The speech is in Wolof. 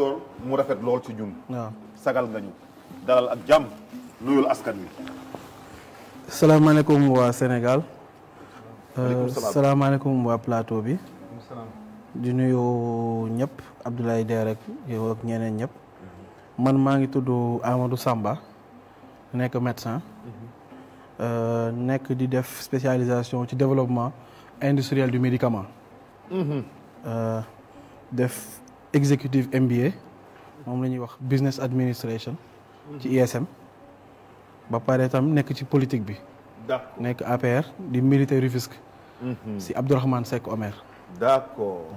docteur mu rafet lool sagal nga ñu dalal ak jàmm nuyul askan wi. salaamaaleykum waa Sénégal. Euh, salaamaaleykum waa plateau bi. di nuyu ñëpp Abdoulaye Deye rek yow ak ñeneen ñëpp. man maa ngi tudd du sàmba nekk médecin. Mhm. Euh, nekk di def spécialisation ci développement industriel du médicament. Mhm. Euh, def executive MBA moom la ñuy wax business administration. ci ISM. Mhm. ba pare tam nekk ci politique bi. d'accord nekk APR di militaire Rufisque. Mhm. si Abdourahmane Seck Omer. d'accord.